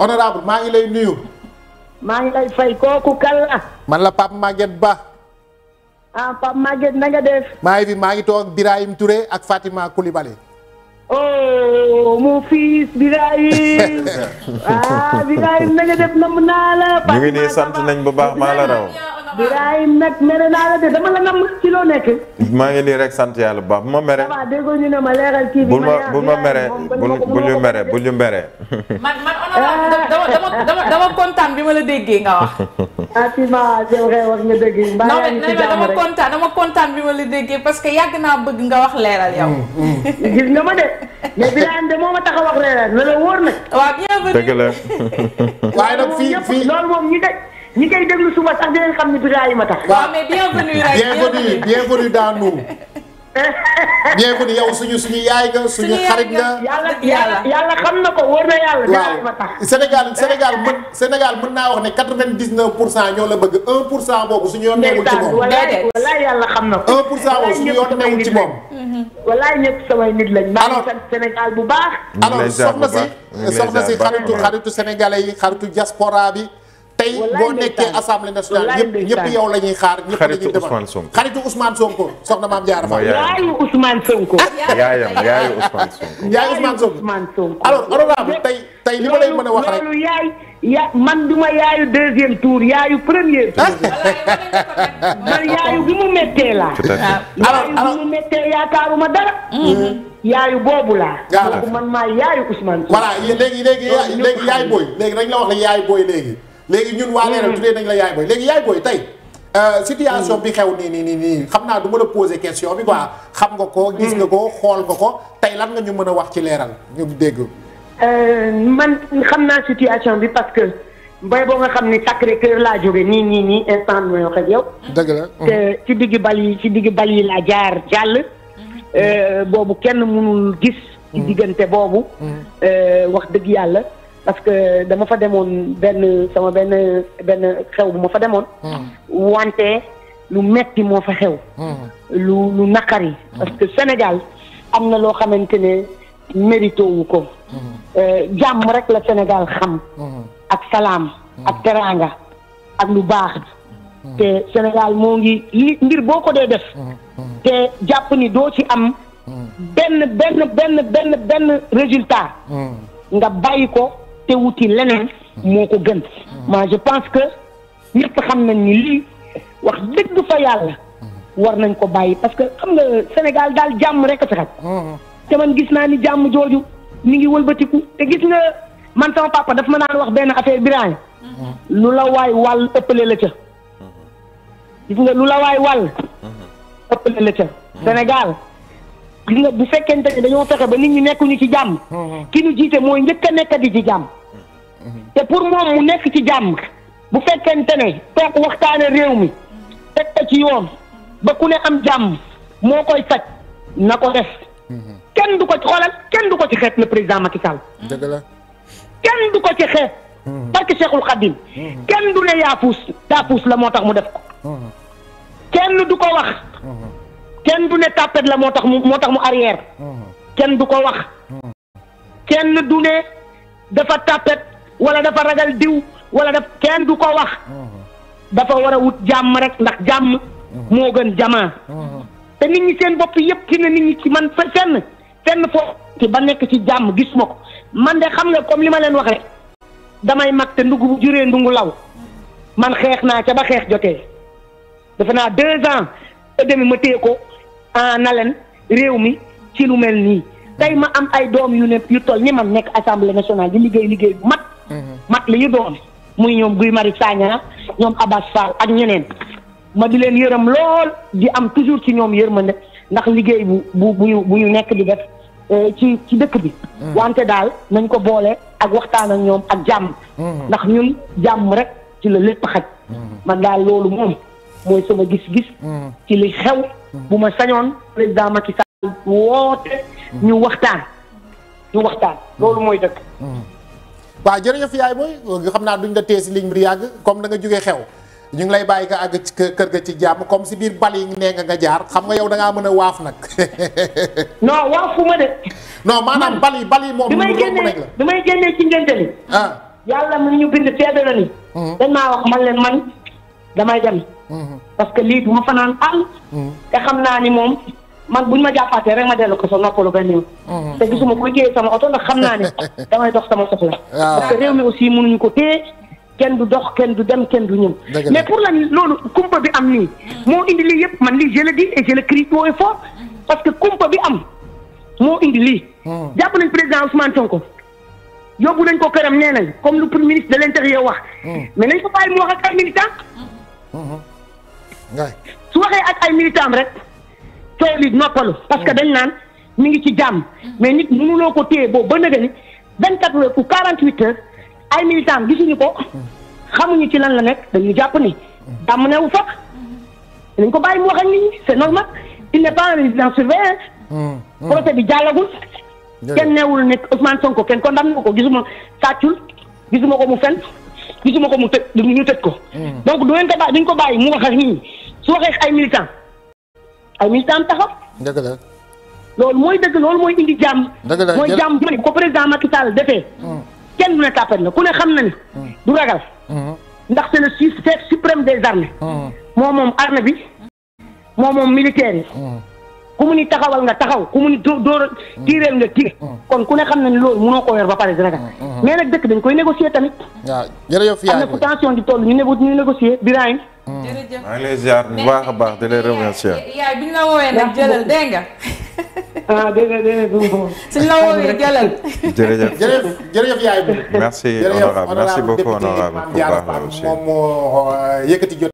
honorable maa ngi lay nuyu. maa ngi lay fay kooku kan la. man la Pape Maguette Ba. ah Pape Maguette na nga def. maa ngi fi maa ngi toog Birahim Touré ak Fatima Koulibaly. oh mon fils Birahim ah Birahim na nga naa la. ñu sant nañ bu baax maa la raw. Birahim maa ngi nii rek sant yàlla bu baax bu ma meree. waaw déggoo ñu ne ma bi. ma bu ma meree bu ñu meree bu dama dama bi ma la déggee nga wax. Fatima Seye wax dama kontaan bi ma la déggee parce que yàgg naa bëgg nga wax leeral yow. Mm, mm. gis nga ma ma tax wax leeral na la wóor nag. waaw bien vrai dëgg la. waaye nag fii fii ñi koy déglu suma sax dinañ xam ni Birahima tax. waaw mais bienvenue rek bienvenue bienvenue dans nous. bienvenue yow suñu suñu yaay nga suñu xarit na yàlla yàlla yàlla xam na ko wóor na yàlla. Birahima tax Sénégal Sénégal mën Sénégal mën naa wax ne quatre-vingt-dix-neuf pour cent ñoo la bëgg un pour cent boobu suñu yoon newul ci moom. déedéet walaay yàlla xam na ko. un pour cent boobu suñu yoon newul ci moom. Mhm. walaay ñëpp samay nit lañ. maa bu baax. alors soxna si soxna si xaritu xaritu sénégalais yi xaritu diaspora bi. tey boo nekkee assemblée nationale yëpp ñëpp yow la ñuy xaar ñëpp la ñuy demal xaritu Ousmane Sonko soxna maam Diarra Fam. yaayu Ousmane Sonko. Ah, yaayam yaayu Ousmane Sonko. yaayu li ma lay mën a wax rek man duma yaayu deuxième tour yaayu premier tour. Ah. man yaayu bi mu méttee laa. alors alors yaayu bi mu ma yaakaaruma dara. Mm-hmm. yaayu boobu la man maa yaayu Ousmane Sonko. voilà léegi léegi léegi booy léegi dañ la wax ne yaay booy léegi. léegi ñun waa leeral mm-hmm. tuddee nañ la yaay booy léegi yaay booy tey euh, situation bi xew nii nii nii xam naa du ma la poser question bi quoi mm-hmm. xam nga ko gis nga ko mm-hmm. xool nga ko tey lan nga ñu mën a wax ci leeral ñu dégg euh, man xam naa situation bi parce que mbay boo nga xam ni Sacré Cœur laa jóge nii nii nii instant bi wax yow. dëgg la te digg bal yi ci digg bal yi laa jaar jàll. Euh, boobu kenn mënul gis. ci diggante boobu. wax dëgg yàlla. parce que dama fa demoon benn sama benn benn xew bu ma fa demoon. Hmm. wante lu metti moo fa xew. Hmm. lu lu naqari. Hmm. parce que Sénégal am na loo xamante ne mérito ko. Euh, jàmm rek la Sénégal xam. ak salaam. ak teraanga ak lu baax. te Sénégal moo ngi li mbir boo ko dee def. te jàpp ni doo ci am. benn benn benn benn benn résultat. nga bàyyi ko. te wuti leneen moo ko gën ma je pense que ñëpp xam nañ ni lii wax dëgg fa yàlla war nañ ko bàyyi parce que xam nga Sénégal daal jàmm rek a fi te man gis naa ni jàmm jooju mi ngi walbatiku te gis nga man sama papa daf ma naan wax benn affaire biraay lu la waay wàll ëppale la ca gis nga lu la waay wàll ëppale la ca Sénégal gis nga bu fekkente dañoo fexe ba nit ñi nekkuñu ci jàmm mm-hmm. ki ñu jiite mooy njëkk a nekkati ci jàmm te pour moom mu nekk ci jàmm bu fekkente ne toog waxtaane réew mi teg ci yoon ba ku ne am jàmm moo koy faj na ko def mhm. kenn du ko ci xoolal kenn du ko ci xeet le président Macky Sall dëgg la kenn du ko ci xeet parce mhm. que Cheikhul Khadim mhm. kenn du ne yaa puus la moo tax mu def ko kenn du ko wax kenn du ne tappet la moo tax mu moo tax mu arrière kenn du ko wax kenn du ne dafa tàppet wala dafa ragal diw wala daf kenn du ko wax uh-huh. dafa war a wut jàmm rek ndax jàmm uh-huh. moo gën jamaa uh-huh. te nit ñi seen bopp yëpp ki na nit ñi ci man fenn fenn foofu ba nekk ci jàmm gis ma ko man de xam nga comme li ma leen wax rek damay mag te ndugg bu juree ndungu law man xeex naa ca ba xeex jotee defe naa deux ans et demi ma téye ko en haleine réew mi ci lu mel nii tey ma am ay doom yu ne yu toll ni man nekk assemblée nationale di liggéey liggéey bu mat mat li ñu doon muy ñoom Guy mari Sagna ñoom Abass Fall ak ñeneen ma di leen yërëm lool di am toujours ci ñoom ma yërmande ndax liggéey bu bu bu buñu nekk di def eh, ci dëkk bi. Hmm. wante daal nañ ko boole ak waxtaan ak ñoom ak jàmm. Hmm. ndax ñun jàmm rek ci la lépp xaj. Hmm. man daal loolu moom mooy sama gis-gis. ci li xew bu ma sañoon président Macky Sall woote. ñu waxtaan ñu waxtaan loolu mooy dëkk. waaw jërëjëf yaay booy xam naa duñ la téye si ligne bi yàgg comme danga nga jógee xew ñu ngi lay bàyyi nga àgg ci kër ga ci jàmm comme si biir bal yi nee nga jaar xam nga yow da ngaa mën a waaf nag. non waafu ma de. non maanaam bal yi bal yi moom. bi may génnee bi may génnee ci ngénte li. ah yàlla mi ñu bind seede na ni. Mm-hmm. dañ maa wax man leen man damay dem. Mm-hmm. parce que lii du ma fanaan àll. Mm-hmm. te xam naa ni moom. man buñ ma jàppaatee rek ma dellu ko sa noppalu benn yoon. Mhm. te gisuma ko téye sama oto ndax xam naa ne damay dox sama soxla. waaw ah. parce que réew mi aussi mënuñ ko téye kenn du dox kenn du dem kenn du ñëw. mais pour lan loolu kumpa bi am nii. moo indi lii yëpp man lii je le dis et je le crie haut et fort parce que kumpa bi am moo indi lii. Mhm. jàpp nañ président Ousmane Sonko. yóbbu nañ ko këram nee nañ comme lu premier ministre de l'intérieur wax. Mhm. mais nañ ko bàyyi mu wax ak ay militants. su waxee ak ay militants rek. coow li noppalu parce que mm. dañ naan mi ngi ci jàmm mais nit mu loo ko téye boobu ba nëga ni vingt quatre heures ou quarante huit heures ay militants gisuñu ko xamuñu ci lan la nekk dañuy jàpp ni jàmm newu fa dañ ko bàyyi mu wax ak nit ñi c'est normal il n'est pas un résident surveillé mm. mm. procès bi jàllagul kenn neewul ne Ousmane ko kenn condamné ko gisuma sàccul gisuma ko mu fen gisuma ko mu tëj ñu tëj ko donc du ngeen ko bàyyi ko bàyyi mu wax ak nit ñi su ay militants ay militant taxaw. dëgg la. loolu mooy dëgg loolu mooy indi jàmm. dëgg la mooy jàmm bu ko président Macky Sall defee. Hmm. kenn du ne tàppet na ku ne xam na ni. Hmm. du ragal. Hmm. ndax c'est le chef suprême des armées. moo moom armée bi. moo moom militaire ku mu ni taxawal nga taxaw ku mu ni dóor dóor mm. nga tiir mm. kon ku xam na ne loolu mënoo koo yor ba pare dina mm, mais nag dëkk dañ koy négocier tamit. waaw jërëjëf ku tension di toll ñu ne ñu négocier Birahim. jërëjëf maa ngi lay ziar bu baax a baax di lay remercier. yaay bi ñu la woowee a jëlal dégg nga. ah dégg nga dégg nga suñu la woowee jëlal. jërëjëf jërëjëf jërëjëf yaay bi. merci